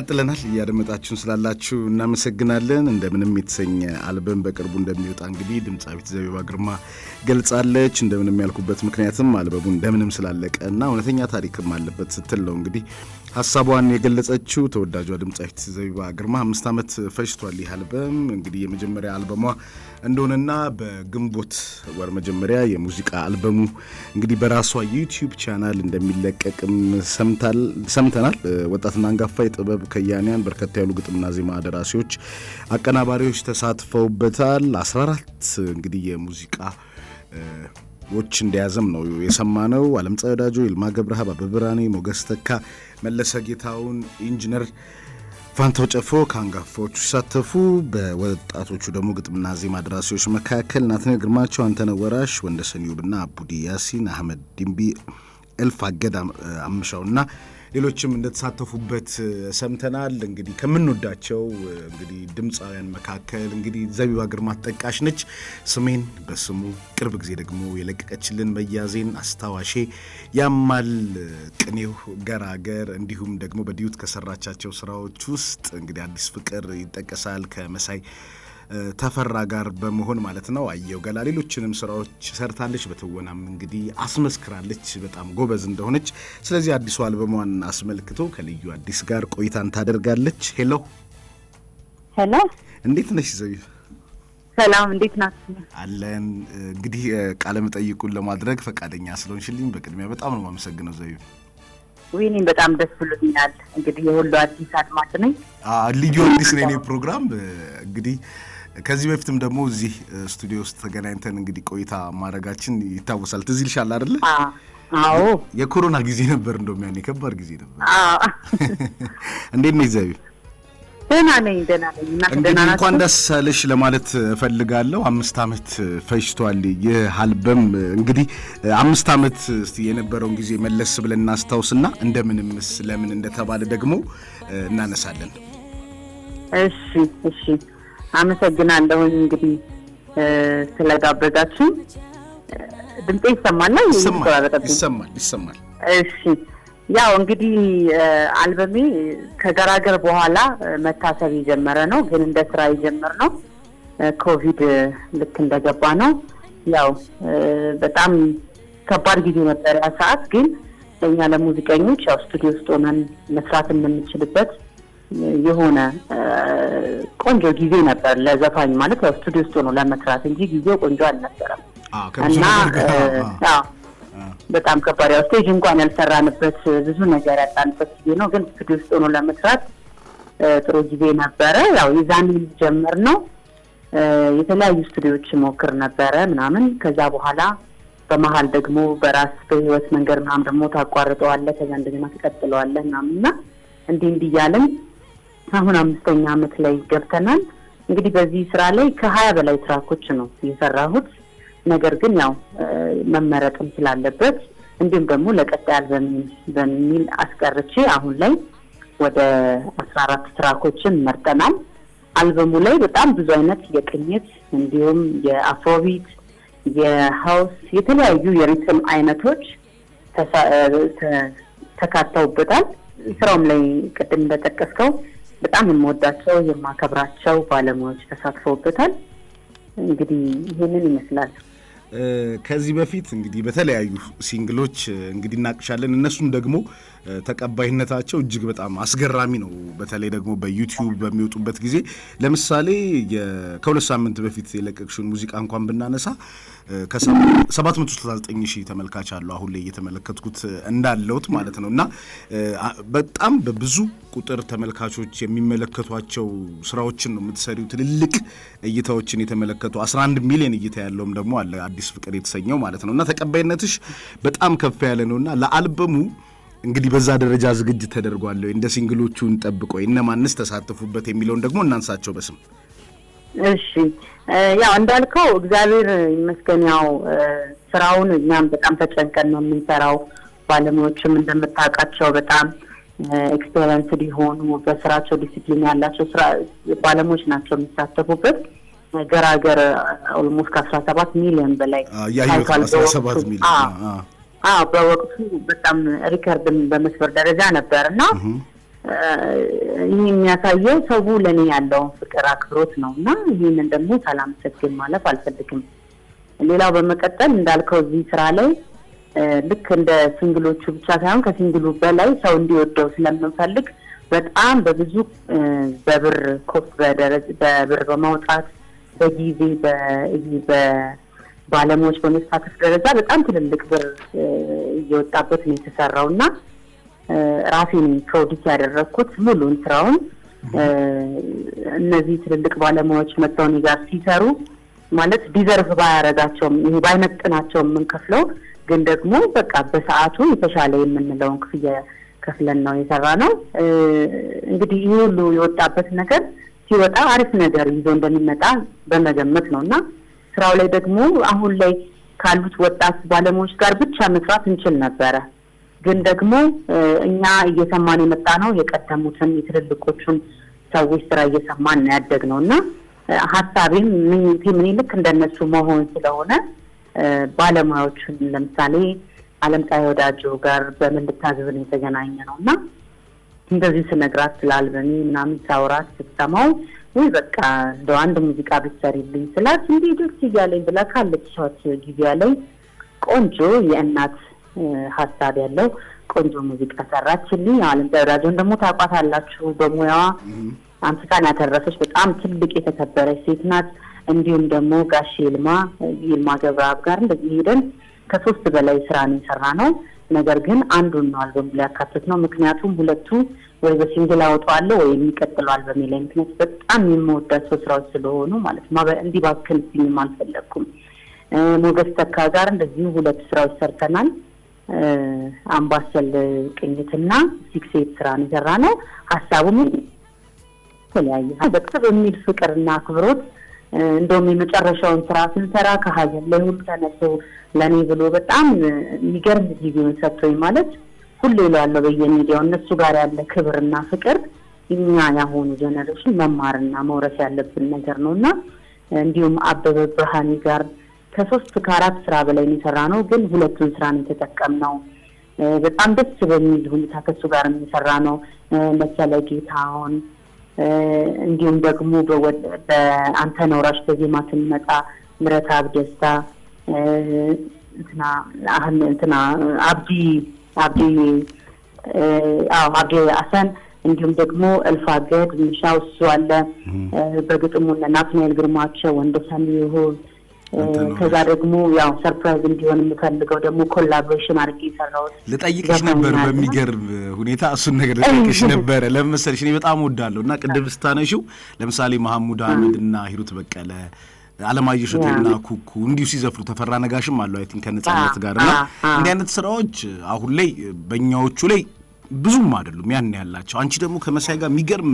ቀጥለናል። እያደመጣችሁን ስላላችሁ እናመሰግናለን። እንደምንም የተሰኘ አልበም በቅርቡ እንደሚወጣ እንግዲህ ድምፃዊት ዘቢባ ግርማ ገልጻለች። እንደምንም ያልኩበት ምክንያትም አልበቡ እንደምንም ስላለቀ እና እውነተኛ ታሪክም አለበት ስትል ነው እንግዲህ ሀሳቧን የገለጸችው ተወዳጇ ድምጻዊት ዘቢባ ግርማ አምስት ዓመት ፈጅቷል ይህ አልበም እንግዲህ የመጀመሪያ አልበሟ እንደሆነና በግንቦት ወር መጀመሪያ የሙዚቃ አልበሙ እንግዲህ በራሷ ዩቲዩብ ቻናል እንደሚለቀቅም ሰምተናል። ወጣትና አንጋፋ የጥበብ ከያንያን በርከት ያሉ ግጥምና ዜማ ደራሲዎች፣ አቀናባሪዎች ተሳትፈውበታል። 14 እንግዲህ የሙዚቃ ዎች እንደያዘም ነው የሰማነው። አለምፀሐይ ወዳጆ፣ ይልማ ገብረሃብ፣ አበብራኔ፣ ሞገስ ተካ መለሰ ጌታውን፣ ኢንጂነር ፋንታው ጨፎ ከአንጋፋዎቹ ሲሳተፉ በወጣቶቹ ደግሞ ግጥምና ዜማ ደራሲዎች መካከል ናትናኤል ግርማቸው፣ አንተነህ ወራሽ፣ ወንደሰን ዩብና አቡዲ ያሲን፣ አህመድ ዲምቢ፣ እልፍ አገድ አምሻውና ሌሎችም እንደተሳተፉበት ሰምተናል። እንግዲህ ከምንወዳቸው እንግዲህ ድምፃውያን መካከል እንግዲህ ዘቢባ ግርማ ተጠቃሽ ነች። ስሜን በስሙ ቅርብ ጊዜ ደግሞ የለቀቀችልን መያዜን፣ አስታዋሼ፣ ያማል ቅኔው፣ ገራገር እንዲሁም ደግሞ በዲዩት ከሰራቻቸው ስራዎች ውስጥ እንግዲህ አዲስ ፍቅር ይጠቀሳል ከመሳይ ተፈራ ጋር በመሆን ማለት ነው። አየው ገላ ሌሎችንም ስራዎች ሰርታለች። በትወናም እንግዲህ አስመስክራለች በጣም ጎበዝ እንደሆነች። ስለዚህ አዲሱ አልበሟን አስመልክቶ ከልዩ አዲስ ጋር ቆይታን ታደርጋለች። ሄሎ ሄሎ፣ እንዴት ነሽ ዘቢብ? ሰላም እንዴት ናችሁ? አለን። እንግዲህ ቃለ መጠይቁን ለማድረግ ፈቃደኛ ስለሆንሽልኝ በቅድሚያ በጣም ነው የማመሰግነው ዘዩ። ወይኔም በጣም ደስ ብሎኛል። እንግዲህ የሁሉ አዲስ አድማጭ ነኝ። ልዩ አዲስ ነው ፕሮግራም እንግዲህ ከዚህ በፊትም ደግሞ እዚህ ስቱዲዮ ውስጥ ተገናኝተን እንግዲህ ቆይታ ማድረጋችን ይታወሳል። ትዝ ይልሻል አይደለ? አዎ። የኮሮና ጊዜ ነበር፣ እንደውም ያኔ ከባድ ጊዜ ነበር። እንዴት ነው ይዘቢ? ደህና ነኝ፣ ደህና ነኝ። እንግዲህ እንኳን ደስ አለሽ ለማለት እፈልጋለሁ። አምስት ዓመት ፈጅቷል ይህ አልበም። እንግዲህ አምስት ዓመት እስቲ የነበረውን ጊዜ መለስ ብለን እናስታውስና እንደምንምስ ለምን እንደተባለ ደግሞ እናነሳለን። እሺ፣ እሺ። አመሰግናለሁኝ እንግዲህ ስለጋበዛችሁ። ድምጤ ይሰማል ይሰማል ይሰማል። እሺ ያው እንግዲህ አልበሜ ከገራገር በኋላ መታሰብ የጀመረ ነው፣ ግን እንደ ስራ የጀመር ነው ኮቪድ ልክ እንደገባ ነው። ያው በጣም ከባድ ጊዜ ነበር ያ ሰዓት፣ ግን ለእኛ ለሙዚቀኞች ያው ስቱዲዮ ውስጥ ሆነን መስራት የምንችልበት የሆነ ቆንጆ ጊዜ ነበር ለዘፋኝ ማለት ያው ስቱዲዮ ውስጥ ሆኖ ለመስራት እንጂ ጊዜው ቆንጆ አልነበረም እና በጣም ከባድ ያው ስቴጅ እንኳን ያልሰራንበት ብዙ ነገር ያጣንበት ጊዜ ነው። ግን ስቱዲዮ ውስጥ ሆኖ ለመስራት ጥሩ ጊዜ ነበረ። ያው የዛን ጀምር ነው የተለያዩ ስቱዲዮዎች ሞክር ነበረ ምናምን። ከዛ በኋላ በመሀል ደግሞ በራስ በህይወት መንገድ ምናምን ደግሞ ታቋርጠዋለ ከዛ እንደገና ትቀጥለዋለህ ምናምን እና እንዲህ እንዲህ እያለን አሁን አምስተኛ አመት ላይ ገብተናል። እንግዲህ በዚህ ስራ ላይ ከሀያ በላይ ትራኮች ነው የሰራሁት። ነገር ግን ያው መመረጥም ስላለበት እንዲሁም ደግሞ ለቀጣይ አልበም በሚል አስቀርቼ አሁን ላይ ወደ አስራ አራት ትራኮችን መርጠናል። አልበሙ ላይ በጣም ብዙ አይነት የቅኝት እንዲሁም የአፍሮቢት፣ የሀውስ የተለያዩ የሪትም አይነቶች ተካተውበታል። ስራውም ላይ ቅድም እንደጠቀስከው በጣም የምወዳቸው የማከብራቸው ባለሙያዎች ተሳትፈውበታል። እንግዲህ ይህንን ይመስላል። ከዚህ በፊት እንግዲህ በተለያዩ ሲንግሎች እንግዲህ እናቅሻለን። እነሱም ደግሞ ተቀባይነታቸው እጅግ በጣም አስገራሚ ነው። በተለይ ደግሞ በዩቲዩብ በሚወጡበት ጊዜ ለምሳሌ ከሁለት ሳምንት በፊት የለቀቅሽውን ሙዚቃ እንኳን ብናነሳ ከ769 ሺህ ተመልካች አለው አሁን ላይ እየተመለከትኩት እንዳለውት ማለት ነው። እና በጣም በብዙ ቁጥር ተመልካቾች የሚመለከቷቸው ስራዎችን ነው የምትሰሪው። ትልልቅ እይታዎችን የተመለከቱ 11 ሚሊዮን እይታ ያለውም ደግሞ አለ አዲስ ፍቅር የተሰኘው ማለት ነው እና ተቀባይነትሽ በጣም ከፍ ያለ ነው እና ለአልበሙ እንግዲህ በዛ ደረጃ ዝግጅት ተደርጓል ወይ? እንደ ሲንግሎቹን ጠብቆ እነማንስ ተሳተፉበት የሚለውን ደግሞ እናንሳቸው በስም። እሺ ያው እንዳልከው እግዚአብሔር ይመስገን፣ ያው ስራውን እኛም በጣም ተጨንቀን ነው የምንሰራው። ባለሙያዎችም እንደምታውቃቸው በጣም ኤክስፔሪንስ ሊሆኑ በስራቸው ዲስፕሊን ያላቸው ባለሙያዎች ናቸው የሚሳተፉበት ገራገር ኦልሞስት ከአስራ ሰባት ሚሊዮን በላይ በወቅቱ በጣም ሪከርድን በመስበር ደረጃ ነበር እና ይህ የሚያሳየው ሰው ለእኔ ያለውን ፍቅር አክብሮት ነው እና ይህንን ደግሞ ሳላመሰግን ማለፍ አልፈልግም። ሌላው በመቀጠል እንዳልከው እዚህ ስራ ላይ ልክ እንደ ሲንግሎቹ ብቻ ሳይሆን ከሲንግሉ በላይ ሰው እንዲወደው ስለምንፈልግ በጣም በብዙ በብር ኮስት በብር በማውጣት በጊዜ በዚህ በባለሙያዎች በመሳተፍ ደረጃ በጣም ትልልቅ ብር እየወጣበት ነው የተሰራው እና ራሴን ፕሮዲት ያደረግኩት ሙሉን ስራውን እነዚህ ትልልቅ ባለሙያዎች መጥተው እኔ ጋር ሲሰሩ ማለት ዲዘርቭ ባያረጋቸውም ይሄ ባይመጥናቸውም የምንከፍለው ግን ደግሞ በቃ በሰዓቱ የተሻለ የምንለውን ክፍያ ከፍለን ነው የሰራ ነው። እንግዲህ ይህ ሁሉ የወጣበት ነገር ሲወጣ አሪፍ ነገር ይዞ እንደሚመጣ በመገመት ነው እና ስራው ላይ ደግሞ አሁን ላይ ካሉት ወጣት ባለሙያዎች ጋር ብቻ መስራት እንችል ነበረ። ግን ደግሞ እኛ እየሰማን የመጣ ነው የቀደሙትን የትልልቆቹን ሰዎች ስራ እየሰማን ነው ያደግ ነው እና ሀሳቤም ምኞቴ ምን ልክ እንደነሱ መሆን ስለሆነ ባለሙያዎቹን ለምሳሌ አለምፀሐይ ወዳጆ ጋር በምን የተገናኘ ነው እና እንደዚህ ስነግራት ስላልበሚ ምናምን ሳውራት ስትሰማው ወይ በቃ እንደ አንድ ሙዚቃ ብትሰሪልኝ ስላት እንዲህ ደስ እያለኝ ብላ ካለችት ጊዜ ያለኝ ቆንጆ የእናት ሀሳብ ያለው ቆንጆ ሙዚቃ ሰራችልኝ። አለም ደብዳጆን ደግሞ ታቋት አላችሁ። በሙያዋ አንስታን ያተረፈች በጣም ትልቅ የተከበረች ሴት ናት። እንዲሁም ደግሞ ጋሽ ልማ ይልማ ገብረአብ ጋር እንደዚህ ሄደን ከሶስት በላይ ስራ ነው የሰራ ነው ነገር ግን አንዱን ነው አልበም ላይ ያካትት ነው። ምክንያቱም ሁለቱ ወይ በሲንግል አወጣዋለሁ ወይ የሚቀጥለዋል በሚል ምክንያት በጣም የምወዳቸው ስራዎች ስለሆኑ ማለት ነው እንዲባክንብኝም አልፈለግኩም። ሞገስ ተካ ጋር እንደዚሁ ሁለት ስራዎች ሰርተናል። አምባሰል ቅኝትና ሲክሴት ስራ ስራን የሰራ ነው። ሀሳቡም ተለያየ በቃ በሚል ፍቅርና አክብሮት እንደውም የመጨረሻውን ስራ ስንሰራ ከሀዘን ላይ ሁሉ ተነሱ ለእኔ ብሎ በጣም የሚገርም ጊዜውን ሰጥቶኝ ማለት ሁሌ እለዋለሁ በየሚዲያው እነሱ ጋር ያለ ክብርና ፍቅር እኛ ያሆኑ ጀነሬሽን መማርና መውረስ ያለብን ነገር ነው እና እንዲሁም አበበ ብርሃኒ ጋር ከሶስት ከአራት ስራ በላይ የሰራ ነው፣ ግን ሁለቱን ስራ ነው የተጠቀምነው። በጣም ደስ በሚል ሁኔታ ከሱ ጋር የሚሰራ ነው። መሰለ ጌታሁን፣ እንዲሁም ደግሞ በአንተ ነውራሽ በዜማ ስንመጣ ምረት አብ እንትና አህል እንትና አብዲ አብዲ አዎ አብዲ አሰን እንዲሁም ደግሞ እልፍ አገድ ምሻ ውሱ አለ በግጥሙ ናትናኤል ግርማቸው ወንደሰን ይሁን ከዛ ደግሞ ያው ሰርፕራይዝ እንዲሆን የምፈልገው ደግሞ ኮላቦሬሽን አድርጌ የሰራሁት ልጠይቅሽ ነበር። በሚገርም ሁኔታ እሱን ነገር ልጠይቅሽ ነበረ። ለምን መሰለሽ እኔ በጣም ወዳለሁ እና ቅድም ስታነሹ ለምሳሌ መሐሙድ አህመድ እና ሂሩት በቀለ አለማየሁ እሸቴና ኩኩ እንዲሁ ሲዘፍሩ ተፈራ ነጋሽም አለው አይቲን ከነጻነት ጋር እና እንዲህ አይነት ስራዎች አሁን ላይ በእኛዎቹ ላይ ብዙም አይደሉም ያን ያላቸው። አንቺ ደግሞ ከመሳይ ጋር የሚገርም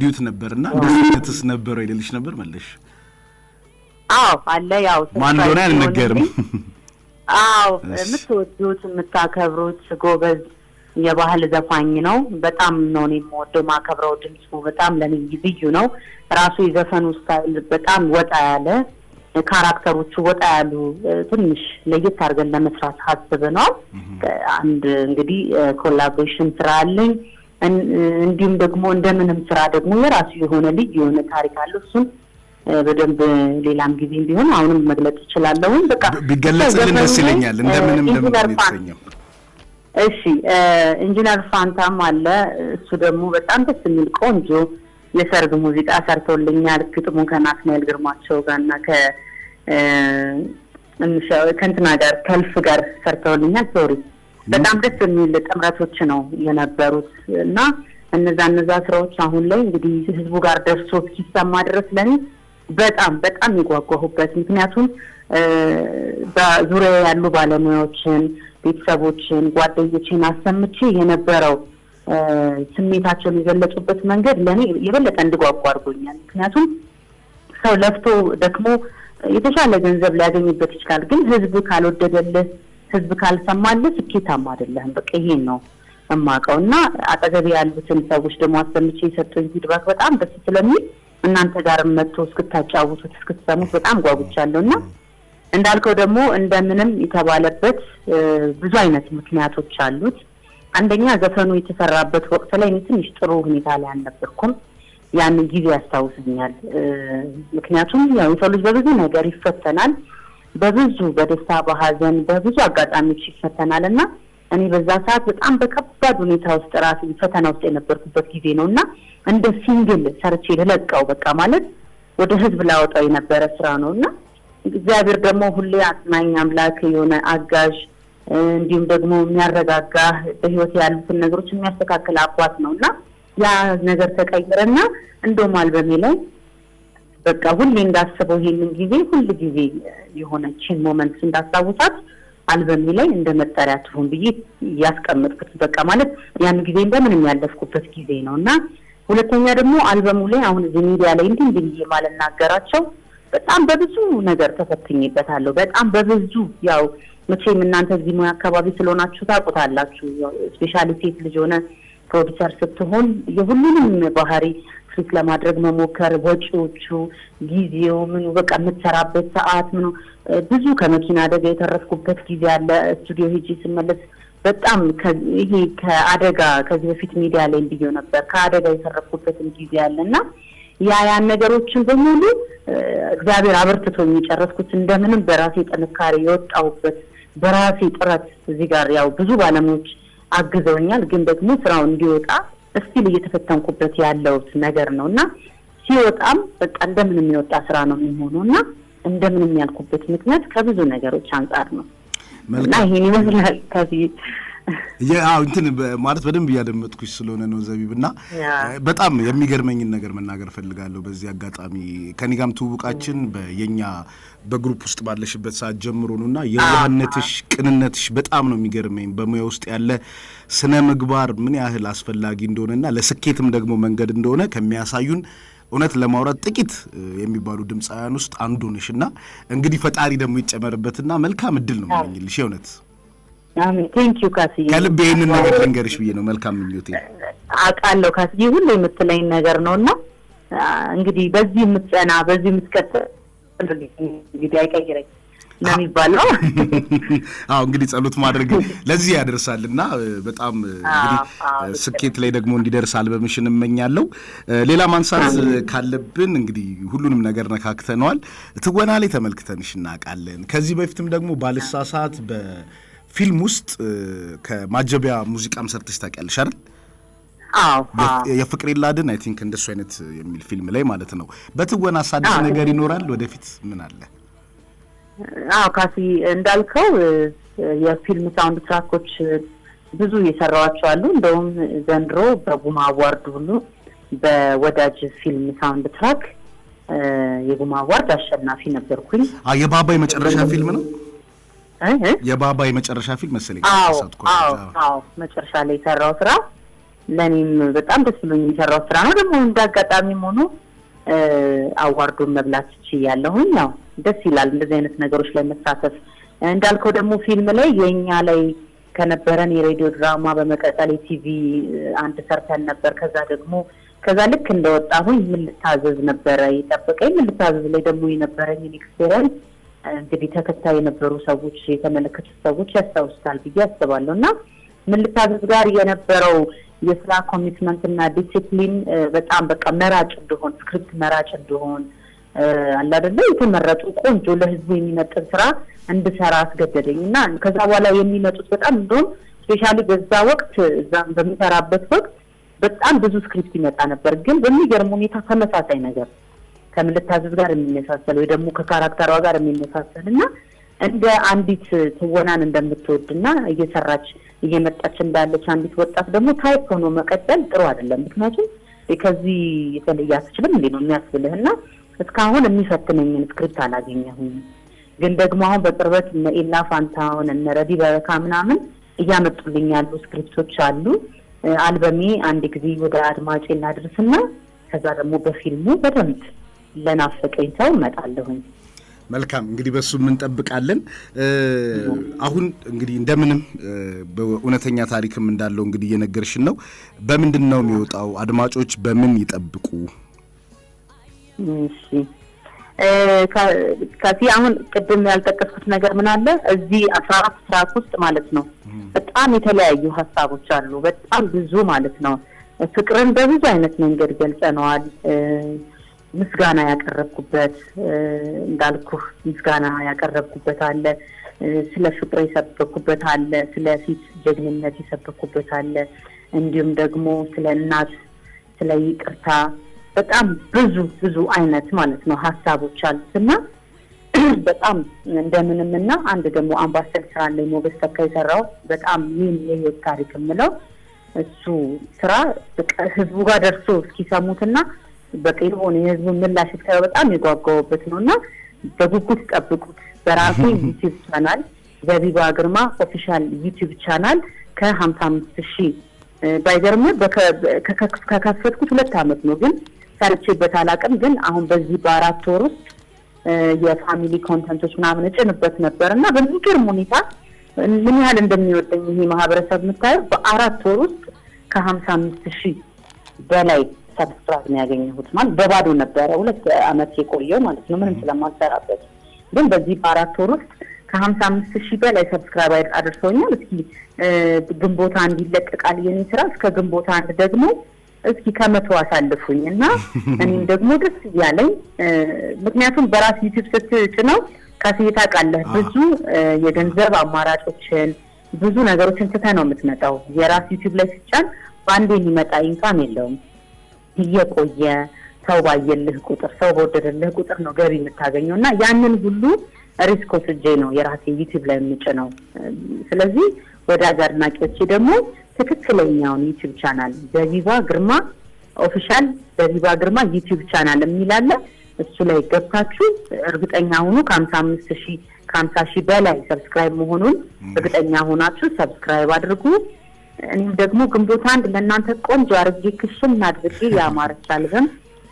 ዲዩት ነበርና ደስነትስ ነበረው ይልልሽ ነበር መለሽ። አዎ አለ ያው ማን እንደሆነ አልነገርም። አዎ የምትወዱት የምታከብሩት ጎበዝ የባህል ዘፋኝ ነው። በጣም ነው እኔ የምወደው ማከብረው። ድምፁ በጣም ለኔ ልዩ ነው። ራሱ የዘፈኑ ስታይል በጣም ወጣ ያለ ካራክተሮቹ ወጣ ያሉ ትንሽ ለየት አድርገን ለመስራት ነው። አንድ እንግዲህ ኮላቦሬሽን ስራ አለኝ። እንዲሁም ደግሞ እንደምንም ስራ ደግሞ የራሱ የሆነ ልዩ የሆነ ታሪክ አለው። እሱም በደንብ ሌላም ጊዜ ቢሆን አሁንም መግለጽ ይችላለሁኝ። በቃ ቢገለጽልን ደስ ይለኛል። እንደምንም ደም እሺ ኢንጂነር ፋንታም አለ። እሱ ደግሞ በጣም ደስ የሚል ቆንጆ የሰርግ ሙዚቃ ሰርቶልኛል። ግጥሙ ከናትናኤል ግርማቸው ጋር እና ከእንትና ጋር ከልፍ ጋር ሰርተውልኛል። ሶሪ በጣም ደስ የሚል ጥምረቶች ነው የነበሩት እና እነዛ እነዛ ስራዎች አሁን ላይ እንግዲህ ህዝቡ ጋር ደርሶ ሲሰማ ድረስ ለእኔ በጣም በጣም የጓጓሁበት ምክንያቱም በዙሪያ ያሉ ባለሙያዎችን ቤተሰቦችን፣ ጓደኞችን አሰምቼ የነበረው ስሜታቸውን የገለጹበት መንገድ ለእኔ የበለጠ እንድጓጓ አድርጎኛል። ምክንያቱም ሰው ለፍቶ ደክሞ የተሻለ ገንዘብ ሊያገኝበት ይችላል፣ ግን ህዝብ ካልወደደልህ፣ ህዝብ ካልሰማልህ ስኬታማ አይደለህም። በቃ ይሄን ነው እማውቀው እና አጠገቤ ያሉትን ሰዎች ደግሞ አሰምቼ የሰጡኝ ፊድባክ በጣም ደስ ስለሚል እናንተ ጋርም መጥቶ እስክታጫውቱት እስክትሰሙት በጣም ጓጉቻለሁ እና እንዳልከው ደግሞ እንደምንም የተባለበት ብዙ አይነት ምክንያቶች አሉት። አንደኛ ዘፈኑ የተሰራበት ወቅት ላይ ትንሽ ጥሩ ሁኔታ ላይ አልነበርኩም። ያንን ጊዜ ያስታውስኛል። ምክንያቱም ያው የሰው ልጅ በብዙ ነገር ይፈተናል። በብዙ በደስታ በሀዘን በብዙ አጋጣሚዎች ይፈተናል እና እኔ በዛ ሰዓት በጣም በከባድ ሁኔታ ውስጥ ራሴ ፈተና ውስጥ የነበርኩበት ጊዜ ነው እና እንደ ሲንግል ሰርቼ ልለቀው በቃ ማለት ወደ ህዝብ ላወጣው የነበረ ስራ ነው እና እግዚአብሔር ደግሞ ሁሌ አጽናኝ አምላክ የሆነ አጋዥ እንዲሁም ደግሞ የሚያረጋጋ በህይወት ያሉትን ነገሮች የሚያስተካክል አባት ነው እና ያ ነገር ተቀይረና እንደውም አልበሜ ላይ በቃ ሁሌ እንዳስበው ይሄንን ጊዜ ሁል ጊዜ የሆነችን ሞመንት እንዳስታውሳት አልበሜ ላይ እንደ መጠሪያ ትሁን ብዬ እያስቀመጥኩት በቃ ማለት ያን ጊዜ እንደምንም ያለፍኩበት ጊዜ ነው እና ሁለተኛ ደግሞ አልበሙ ላይ አሁን እዚህ ሚዲያ ላይ እንዲህ እንዲህ ብዬ ናገራቸው በጣም በብዙ ነገር ተፈትኝበታለሁ። በጣም በብዙ ያው መቼም እናንተ እዚህ ሙያ አካባቢ ስለሆናችሁ ታውቁታላችሁ። ስፔሻሊ ሴት ልጅ ሆነ ፕሮዲሰር ስትሆን የሁሉንም ባህሪ ፊት ለማድረግ መሞከር፣ ወጪዎቹ፣ ጊዜው፣ ምኑ በቃ የምትሰራበት ሰዓት ምኑ ብዙ ከመኪና አደጋ የተረፍኩበት ጊዜ አለ። ስቱዲዮ ሂጂ ስመለስ በጣም ይሄ ከአደጋ ከዚህ በፊት ሚዲያ ላይ ብዬ ነበር ከአደጋ የተረፍኩበትም ጊዜ አለ እና ያ ያን ነገሮችን በሙሉ እግዚአብሔር አበርትቶኝ የጨረስኩት እንደምንም በራሴ ጥንካሬ የወጣሁበት በራሴ ጥረት እዚህ ጋር ያው ብዙ ባለሙያዎች አግዘውኛል። ግን ደግሞ ስራው እንዲወጣ እስቲል እየተፈተንኩበት ያለውት ነገር ነው እና ሲወጣም በቃ እንደምንም የሚወጣ ስራ ነው የሚሆነው እና እንደምንም ያልኩበት ምክንያት ከብዙ ነገሮች አንጻር ነው እና ይሄን ይመስላል ከዚህ እንትን ማለት በደንብ እያደመጥኩሽ ስለሆነ ነው ዘቢብ። እና በጣም የሚገርመኝን ነገር መናገር ፈልጋለሁ በዚህ አጋጣሚ ከኒጋም ትውውቃችን የኛ በግሩፕ ውስጥ ባለሽበት ሰዓት ጀምሮ ነው እና የዋህነትሽ፣ ቅንነትሽ በጣም ነው የሚገርመኝ በሙያ ውስጥ ያለ ስነ ምግባር ምን ያህል አስፈላጊ እንደሆነ እንደሆነና ለስኬትም ደግሞ መንገድ እንደሆነ ከሚያሳዩን እውነት ለማውራት ጥቂት የሚባሉ ድምፃውያን ውስጥ አንዱ ነሽ እና እንግዲህ ፈጣሪ ደግሞ ይጨመርበትና መልካም እድል ነው የምመኝልሽ የእውነት ቴንኪዩ ካስዬ፣ ከልብ ይህንን ነገር ልንገርሽ ብዬ ነው። መልካም ምኞቴ አውቃለሁ ካስዬ፣ ሁሉ የምትለኝ ነገር ነው እና እንግዲህ በዚህ የምትጸና በዚህ የምትቀጥል እንግዲህ አይቀይረኝ ነው የሚባለው። አዎ እንግዲህ ጸሎት ማድረግ ለዚህ ያደርሳል እና በጣም እንግዲህ ስኬት ላይ ደግሞ እንዲደርሳል በምሽን እመኛለሁ። ሌላ ማንሳት ካለብን እንግዲህ ሁሉንም ነገር ነካክተነዋል። ትወና ላይ ተመልክተንሽ እናውቃለን። ከዚህ በፊትም ደግሞ ባልሳሳት በ ፊልም ውስጥ ከማጀቢያ ሙዚቃም ሰርተሽ ታውቂያለሽ አይደል? የፍቅር ላድን አይ ቲንክ እንደሱ አይነት የሚል ፊልም ላይ ማለት ነው። በትወና ሳድስ ነገር ይኖራል ወደፊት ምን አለ? አዎ ካሲ እንዳልከው የፊልም ሳውንድ ትራኮች ብዙ እየሰራዋቸው አሉ። እንደውም ዘንድሮ በጉማ አዋርድ ሁሉ በወዳጅ ፊልም ሳውንድ ትራክ የጉማ አዋርድ አሸናፊ ነበርኩኝ። የባባ የመጨረሻ ፊልም ነው የባባ የመጨረሻ ፊልም መሰለኝ። አዎ መጨረሻ ላይ የሰራው ስራ ለእኔም በጣም ደስ ብሎኝ የሰራው ስራ ነው። ደግሞ እንደ እንዳጋጣሚም ሆኖ አዋርዶን መብላት ችያለሁኝ። ያው ደስ ይላል እንደዚህ አይነት ነገሮች ላይ መሳተፍ። እንዳልከው ደግሞ ፊልም ላይ የእኛ ላይ ከነበረን የሬዲዮ ድራማ በመቀጠል የቲቪ አንድ ሰርተን ነበር። ከዛ ደግሞ ከዛ ልክ እንደወጣሁኝ ምን ልታዘዝ ነበረ የጠበቀኝ። ልታዘዝ ላይ ደግሞ የነበረኝን ኤክስፔሪንስ እንግዲህ ተከታይ የነበሩ ሰዎች የተመለከቱ ሰዎች ያስታውሱታል ብዬ አስባለሁ እና ምልታዘዝ ጋር የነበረው የስራ ኮሚትመንት እና ዲሲፕሊን በጣም በቃ መራጭ እንደሆን ስክሪፕት መራጭ እንደሆን አላደለ የተመረጡ ቆንጆ ለህዝብ የሚመጥን ስራ እንድሰራ አስገደደኝ እና ከዛ በኋላ የሚመጡት በጣም እንደውም ስፔሻሊ በዛ ወቅት እዛም በምሰራበት ወቅት በጣም ብዙ ስክሪፕት ይመጣ ነበር፣ ግን በሚገርም ሁኔታ ተመሳሳይ ነገር ከምልታዘዝ ጋር የሚመሳሰል ወይ ደግሞ ከካራክተሯ ጋር የሚመሳሰል እና እንደ አንዲት ትወናን እንደምትወድና እየሰራች እየመጣች እንዳለች አንዲት ወጣት ደግሞ ታይፕ ሆኖ መቀጠል ጥሩ አይደለም። ምክንያቱም ከዚህ የተለየ አትችልም እንዴ ነው የሚያስብልህ እና እስካሁን የሚፈትነኝን ስክሪፕት አላገኘሁም። ግን ደግሞ አሁን በቅርበት እነ ኤላ ፋንታሁን እነ ረዲ በረካ ምናምን እያመጡልኝ ያሉ ስክሪፕቶች አሉ። አልበሜ አንድ ጊዜ ወደ አድማጭ እናድርስና ከዛ ደግሞ በፊልሙ በደንብ ለናፈቀኝ ሰው እመጣለሁኝ። መልካም እንግዲህ በሱ እንጠብቃለን። አሁን እንግዲህ እንደምንም በእውነተኛ ታሪክም እንዳለው እንግዲህ እየነገርሽን ነው። በምንድን ነው የሚወጣው? አድማጮች በምን ይጠብቁ? ከዚህ አሁን ቅድም ያልጠቀስኩት ነገር ምን አለ እዚህ አስራ አራት ስርዓት ውስጥ ማለት ነው በጣም የተለያዩ ሀሳቦች አሉ። በጣም ብዙ ማለት ነው። ፍቅርን በብዙ አይነት መንገድ ገልጸነዋል። ምስጋና ያቀረብኩበት እንዳልኩህ ምስጋና ያቀረብኩበት አለ። ስለ ፍቅር የሰበኩበት አለ። ስለ ፊት ጀግንነት የሰበኩበት አለ። እንዲሁም ደግሞ ስለ እናት፣ ስለ ይቅርታ በጣም ብዙ ብዙ አይነት ማለት ነው ሀሳቦች አሉት እና በጣም እንደምንም እና አንድ ደግሞ አምባሰል ስራ ላይ ሞገስ ተካ የሰራው በጣም ይህን የህይወት ታሪክ የምለው እሱ ስራ ህዝቡ ጋር ደርሶ እስኪሰሙትና በቃ የሆነ የህዝቡ ምላሽ ስከበ በጣም የጓጓውበት ነው እና በጉጉት ጠብቁት። በራሱ ዩቲዩብ ቻናል ዘቢባ ግርማ ኦፊሻል ዩቲዩብ ቻናል ከሀምሳ አምስት ሺህ ባይገርም ከከፈትኩት ሁለት አመት ነው ግን ሰርቼበት አላውቅም። ግን አሁን በዚህ በአራት ወር ውስጥ የፋሚሊ ኮንተንቶች ምናምን እጭንበት ነበር እና በሚገርም ሁኔታ ምን ያህል እንደሚወደኝ ይሄ ማህበረሰብ የምታየው በአራት ወር ውስጥ ከሀምሳ አምስት ሺህ በላይ ሰብስትራት ነው ያገኘሁት። ማለት በባዶ ነበረ ሁለት አመት የቆየው ማለት ነው ምንም ስለማልሰራበት። ግን በዚህ በአራት ወር ውስጥ ከሀምሳ አምስት ሺህ በላይ ሰብስክራይብ አድርሰውኛል። እስኪ ግንቦት አንድ ይለቀቃል የኔ ስራ። እስከ ግንቦት አንድ ደግሞ እስኪ ከመቶ አሳልፉኝ እና እኔም ደግሞ ደስ እያለኝ ምክንያቱም በራስ ዩቲብ ስትጭ ነው ከሴታ ቃለህ ብዙ የገንዘብ አማራጮችን ብዙ ነገሮችን ትተህ ነው የምትመጣው። የራስ ዩቲብ ላይ ስጫን በአንድ የሚመጣ ኢንካም የለውም። እየቆየ ሰው ባየልህ ቁጥር ሰው በወደደልህ ቁጥር ነው ገቢ የምታገኘው እና ያንን ሁሉ ሪስክ ወስጄ ነው የራሴ ዩቲብ ላይ የምጭ ነው። ስለዚህ ወዳጅ አድናቂዎቼ ደግሞ ትክክለኛውን ዩቲብ ቻናል ዘቢባ ግርማ ኦፊሻል ዘቢባ ግርማ ዩቲብ ቻናል የሚላለ እሱ ላይ ገብታችሁ እርግጠኛ ሆኑ ከሀምሳ አምስት ሺህ ከሀምሳ ሺህ በላይ ሰብስክራይብ መሆኑን እርግጠኛ ሆናችሁ ሰብስክራይብ አድርጉ። እኔም ደግሞ ግንቦት አንድ ለእናንተ ቆንጆ አርጌ ክሽን አድርጌ ያማረች አልበም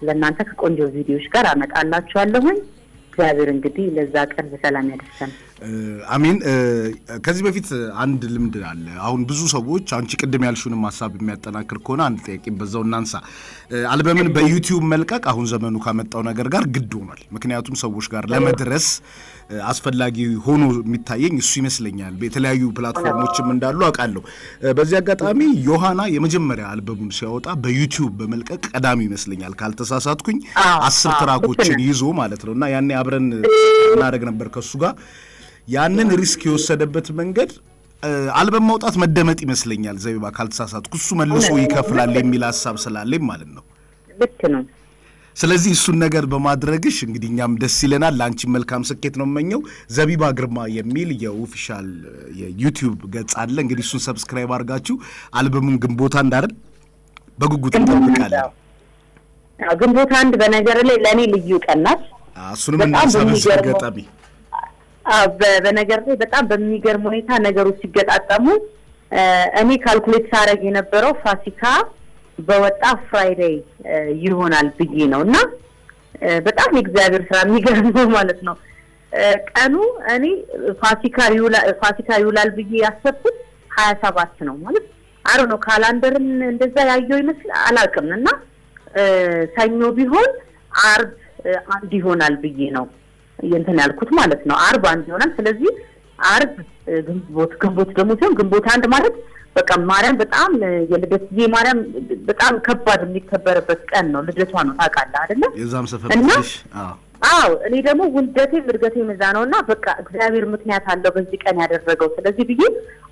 ለእናንተ ከቆንጆ ቪዲዮዎች ጋር አመጣላችኋለሁኝ። እግዚአብሔር እንግዲህ ለዛ ቀን በሰላም ያደርሰን። አሚን ከዚህ በፊት አንድ ልምድ አለ። አሁን ብዙ ሰዎች አንቺ ቅድም ያልሽውንም ሀሳብ የሚያጠናክር ከሆነ አንድ ጥያቄ በዛው እናንሳ። አልበምን በዩቲዩብ መልቀቅ አሁን ዘመኑ ካመጣው ነገር ጋር ግድ ሆኗል። ምክንያቱም ሰዎች ጋር ለመድረስ አስፈላጊ ሆኖ የሚታየኝ እሱ ይመስለኛል። የተለያዩ ፕላትፎርሞችም እንዳሉ አውቃለሁ። በዚህ አጋጣሚ ዮሐና የመጀመሪያ አልበሙን ሲያወጣ በዩቲዩብ በመልቀቅ ቀዳሚ ይመስለኛል፣ ካልተሳሳትኩኝ አስር ትራኮችን ይዞ ማለት ነው እና ያኔ አብረን እናደርግ ነበር ከሱ ጋር ያንን ሪስክ የወሰደበት መንገድ አልበም ማውጣት መደመጥ ይመስለኛል። ዘቢባ ካልተሳሳትኩ እሱ መልሶ ይከፍላል የሚል ሀሳብ ስላለኝ ማለት ነው። ልክ ነው። ስለዚህ እሱን ነገር በማድረግሽ እንግዲህ እኛም ደስ ይለናል። ለአንቺ መልካም ስኬት ነው የምመኘው። ዘቢባ ግርማ የሚል የኦፊሻል የዩቲዩብ ገጽ አለ። እንግዲህ እሱን ሰብስክራይብ አድርጋችሁ አልበሙን ግንቦታ እንዳርል በጉጉት እንጠብቃለን። ግንቦታ አንድ በነገር ላይ ለእኔ ልዩ ቀናት። እሱንም እናሳበስ በዚህ በነገር ላይ በጣም በሚገርም ሁኔታ ነገሮች ሲገጣጠሙ እኔ ካልኩሌት ሳደርግ የነበረው ፋሲካ በወጣ ፍራይዴይ ይሆናል ብዬ ነው እና በጣም የእግዚአብሔር ስራ የሚገርመው ማለት ነው። ቀኑ እኔ ፋሲካ ፋሲካ ይውላል ብዬ ያሰብኩት ሀያ ሰባት ነው ማለት አሮ ነው። ካላንደርን እንደዛ ያየው ይመስል አላውቅም እና ሰኞ ቢሆን አርብ አንድ ይሆናል ብዬ ነው እንትን ያልኩት ማለት ነው። አርብ አንድ ይሆናል። ስለዚህ አርብ ግንቦት ግንቦት ደግሞ ሲሆን ግንቦት አንድ ማለት በቃ ማርያም በጣም የልደት ጊዜ ማርያም በጣም ከባድ የሚከበርበት ቀን ነው። ልደቷ ነው ታውቃለህ አይደለ? የዛም ሰፈር እና አዎ እኔ ደግሞ ውልደቴም እድገቴም እዛ ነው እና በቃ እግዚአብሔር ምክንያት አለው በዚህ ቀን ያደረገው ስለዚህ ብዬ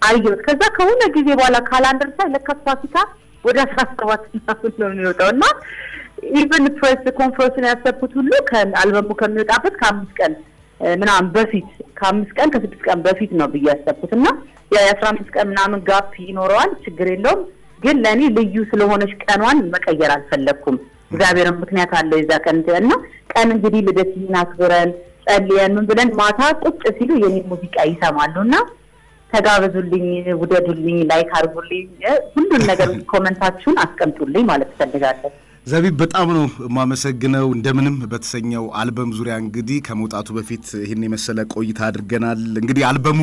አየሁት። ከዛ ከሆነ ጊዜ በኋላ ካላንደር ሳይ ለካ ፋሲካ ወደ አስራ ሰባት ምናምን ነው የሚወጣው እና ኢቨን ፕሬስ ኮንፈረንስን ያሰብኩት ሁሉ ከአልበሙ ከሚወጣበት ከአምስት ቀን ምናምን በፊት ከአምስት ቀን ከስድስት ቀን በፊት ነው ብዬ ያሰብኩት እና ያ የአስራ አምስት ቀን ምናምን ጋፕ ይኖረዋል፣ ችግር የለውም። ግን ለእኔ ልዩ ስለሆነች ቀኗን መቀየር አልፈለግኩም። እግዚአብሔርን ምክንያት አለው የዛ ቀን እና ቀን እንግዲህ ልደት ይህን አክብረን ጸልየን ምን ብለን ማታ ቁጭ ሲሉ የኔ ሙዚቃ ይሰማሉ እና ተጋበዙልኝ፣ ውደዱልኝ፣ ላይክ አድርጉልኝ፣ ሁሉን ነገር ኮመንታችሁን አስቀምጡልኝ ማለት እፈልጋለሁ። ዘቢብ በጣም ነው የማመሰግነው። እንደምንም በተሰኘው አልበም ዙሪያ እንግዲህ ከመውጣቱ በፊት ይህን የመሰለ ቆይታ አድርገናል። እንግዲህ አልበሙ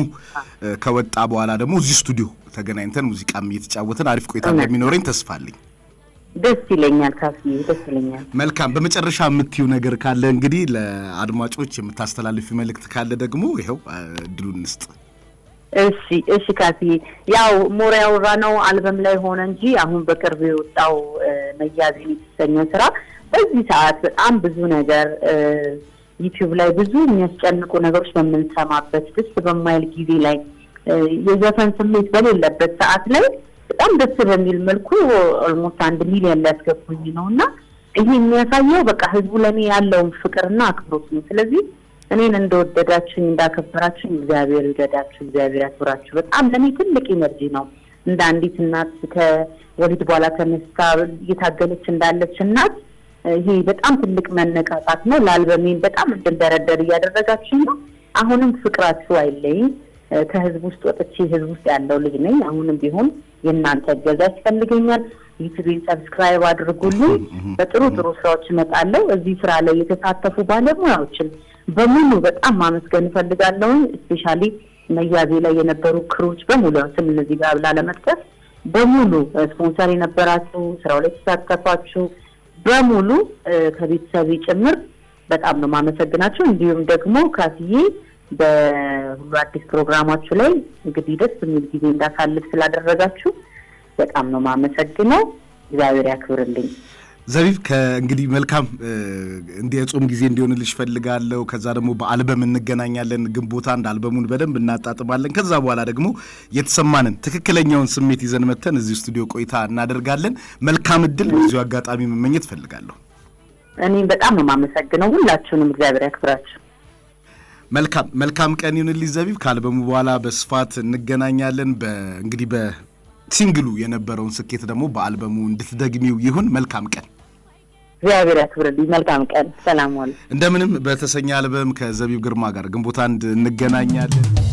ከወጣ በኋላ ደግሞ እዚህ ስቱዲዮ ተገናኝተን ሙዚቃም እየተጫወተን አሪፍ ቆይታ እንደሚኖረኝ ተስፋ አለኝ። ደስ ይለኛል ካፍ ደስ ይለኛል። መልካም። በመጨረሻ የምትዩ ነገር ካለ እንግዲህ ለአድማጮች የምታስተላልፊ መልእክት ካለ ደግሞ ይኸው እድሉን እንስጥ። እሺ እሺ። ካስዬ ያው ሞራ ያወራ ነው አልበም ላይ ሆነ እንጂ አሁን በቅርብ የወጣው መያዝ የተሰኘው ስራ በዚህ ሰዓት በጣም ብዙ ነገር ዩቲዩብ ላይ ብዙ የሚያስጨንቁ ነገሮች በምንሰማበት ደስ በማይል ጊዜ ላይ የዘፈን ስሜት በሌለበት ሰዓት ላይ በጣም ደስ በሚል መልኩ ኦልሞስት አንድ ሚሊዮን ሊያስገቡኝ ነው እና ይሄ የሚያሳየው በቃ ህዝቡ ለእኔ ያለውን ፍቅርና አክብሮት ነው። ስለዚህ እኔን እንደወደዳችሁኝ እንዳከበራችሁኝ እግዚአብሔር ይውደዳችሁ፣ እግዚአብሔር ያክብራችሁ። በጣም ለእኔ ትልቅ ኢነርጂ ነው። እንደ አንዲት እናት ከወሊድ በኋላ ተነስታ እየታገለች እንዳለች እናት ይሄ በጣም ትልቅ መነቃቃት ነው። ለአልበሜን በጣም እንድንደረደር እያደረጋችሁ ነው። አሁንም ፍቅራችሁ አይለይም። ከህዝብ ውስጥ ወጥቼ ህዝብ ውስጥ ያለው ልጅ ነኝ። አሁንም ቢሆን የእናንተ እገዛ ያስፈልገኛል። ዩቲቤን ሰብስክራይብ አድርጉልኝ። በጥሩ ጥሩ ስራዎች እመጣለሁ። እዚህ ስራ ላይ የተሳተፉ ባለሙያዎችን በሙሉ በጣም ማመስገን እፈልጋለሁ። እስፔሻሊ መያዜ ላይ የነበሩ ክሮች በሙሉ ስም እነዚህ ጋር ብላ ለመጥቀስ በሙሉ ስፖንሰር የነበራችሁ ስራው ላይ የተሳተፋችሁ በሙሉ ከቤተሰብ ጭምር በጣም ነው ማመሰግናቸው። እንዲሁም ደግሞ ካስዬ በሁሉ አዲስ ፕሮግራማችሁ ላይ እንግዲህ ደስ የሚል ጊዜ እንዳሳልፍ ስላደረጋችሁ በጣም ነው ማመሰግነው። እግዚአብሔር ያክብርልኝ። ዘቢብ ከእንግዲህ መልካም እንዲ የጾም ጊዜ እንዲሆንልሽ ፈልጋለሁ። ከዛ ደግሞ በአልበም እንገናኛለን። ግንቦታ አንድ አልበሙን በደንብ እናጣጥማለን። ከዛ በኋላ ደግሞ የተሰማንን ትክክለኛውን ስሜት ይዘን መተን እዚህ ስቱዲዮ ቆይታ እናደርጋለን። መልካም እድል እዚሁ አጋጣሚ መመኘት ፈልጋለሁ። እኔም በጣም ነው የማመሰግነው። ሁላችሁንም እግዚአብሔር ያክብራችሁ። መልካም መልካም ቀን ይሁንልኝ ዘቢብ። ከአልበሙ በኋላ በስፋት እንገናኛለን። እንግዲህ ሲንግሉ የነበረውን ስኬት ደግሞ በአልበሙ እንድትደግሚው ይሁን። መልካም ቀን። እግዚአብሔር ያክብርልኝ። መልካም ቀን። ሰላም ዋሉ። እንደምንም በተሰኘ አልበም ከዘቢብ ግርማ ጋር ግንቦት አንድ እንገናኛለን።